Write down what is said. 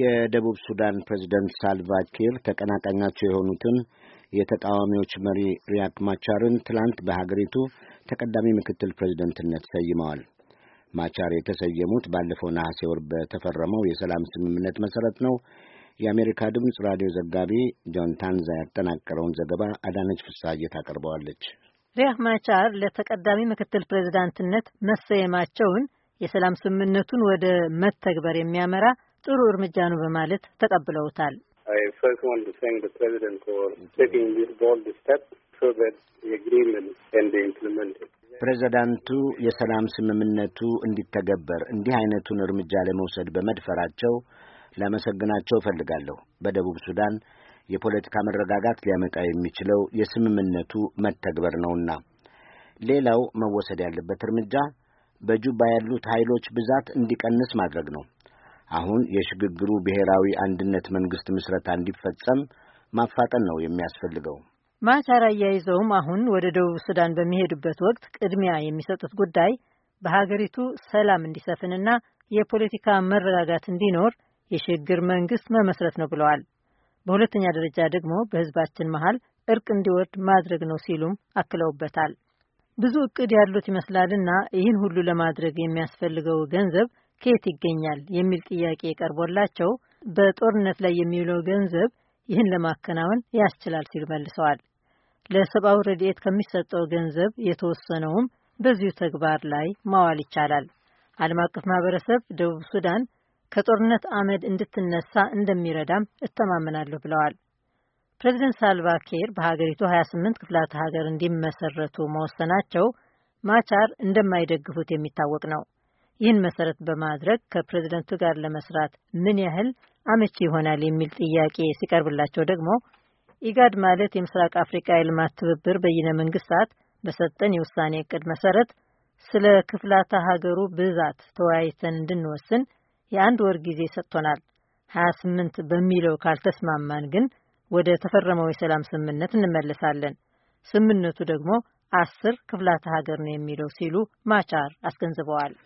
የደቡብ ሱዳን ፕሬዚደንት ሳልቫኪር ተቀናቃኛቸው የሆኑትን የተቃዋሚዎች መሪ ሪያክ ማቻርን ትላንት በሀገሪቱ ተቀዳሚ ምክትል ፕሬዚደንትነት ሰይመዋል። ማቻር የተሰየሙት ባለፈው ነሐሴ ወር በተፈረመው የሰላም ስምምነት መሰረት ነው። የአሜሪካ ድምፅ ራዲዮ ዘጋቢ ጆን ታንዛ ያጠናቀረውን ዘገባ አዳነች ፍሳሐዬ ታቀርበዋለች። ሪያክ ማቻር ለተቀዳሚ ምክትል ፕሬዚዳንትነት መሰየማቸውን የሰላም ስምምነቱን ወደ መተግበር የሚያመራ ጥሩ እርምጃ ነው በማለት ተቀብለውታል። ፕሬዚዳንቱ የሰላም ስምምነቱ እንዲተገበር እንዲህ አይነቱን እርምጃ ለመውሰድ በመድፈራቸው ላመሰግናቸው እፈልጋለሁ። በደቡብ ሱዳን የፖለቲካ መረጋጋት ሊያመጣ የሚችለው የስምምነቱ መተግበር ነውና። ሌላው መወሰድ ያለበት እርምጃ በጁባ ያሉት ኃይሎች ብዛት እንዲቀንስ ማድረግ ነው። አሁን የሽግግሩ ብሔራዊ አንድነት መንግስት ምስረታ እንዲፈጸም ማፋጠን ነው የሚያስፈልገው። ማቻር አያይዘውም አሁን ወደ ደቡብ ሱዳን በሚሄዱበት ወቅት ቅድሚያ የሚሰጡት ጉዳይ በሀገሪቱ ሰላም እንዲሰፍንና የፖለቲካ መረጋጋት እንዲኖር የሽግግር መንግስት መመስረት ነው ብለዋል። በሁለተኛ ደረጃ ደግሞ በህዝባችን መሀል እርቅ እንዲወርድ ማድረግ ነው ሲሉም አክለውበታል። ብዙ እቅድ ያሉት ይመስላልና ይህን ሁሉ ለማድረግ የሚያስፈልገው ገንዘብ ከየት ይገኛል የሚል ጥያቄ ቀርቦላቸው በጦርነት ላይ የሚውለው ገንዘብ ይህን ለማከናወን ያስችላል ሲሉ መልሰዋል። ለሰብአዊ ረድኤት ከሚሰጠው ገንዘብ የተወሰነውም በዚሁ ተግባር ላይ ማዋል ይቻላል። ዓለም አቀፍ ማህበረሰብ ደቡብ ሱዳን ከጦርነት አመድ እንድትነሳ እንደሚረዳም እተማመናለሁ ብለዋል። ፕሬዚደንት ሳልቫ ኪር በሀገሪቱ 28 ክፍላተ ሀገር እንዲመሰረቱ መወሰናቸው ማቻር እንደማይደግፉት የሚታወቅ ነው። ይህን መሰረት በማድረግ ከፕሬዝደንቱ ጋር ለመስራት ምን ያህል አመቺ ይሆናል የሚል ጥያቄ ሲቀርብላቸው ደግሞ ኢጋድ ማለት የምስራቅ አፍሪካ የልማት ትብብር በይነ መንግስታት በሰጠን የውሳኔ እቅድ መሰረት ስለ ክፍላተ ሀገሩ ብዛት ተወያይተን እንድንወስን የአንድ ወር ጊዜ ሰጥቶናል። 28 በሚለው ካልተስማማን ግን ወደ ተፈረመው የሰላም ስምምነት እንመለሳለን። ስምምነቱ ደግሞ አስር ክፍላተ ሀገር ነው የሚለው ሲሉ ማቻር አስገንዝበዋል።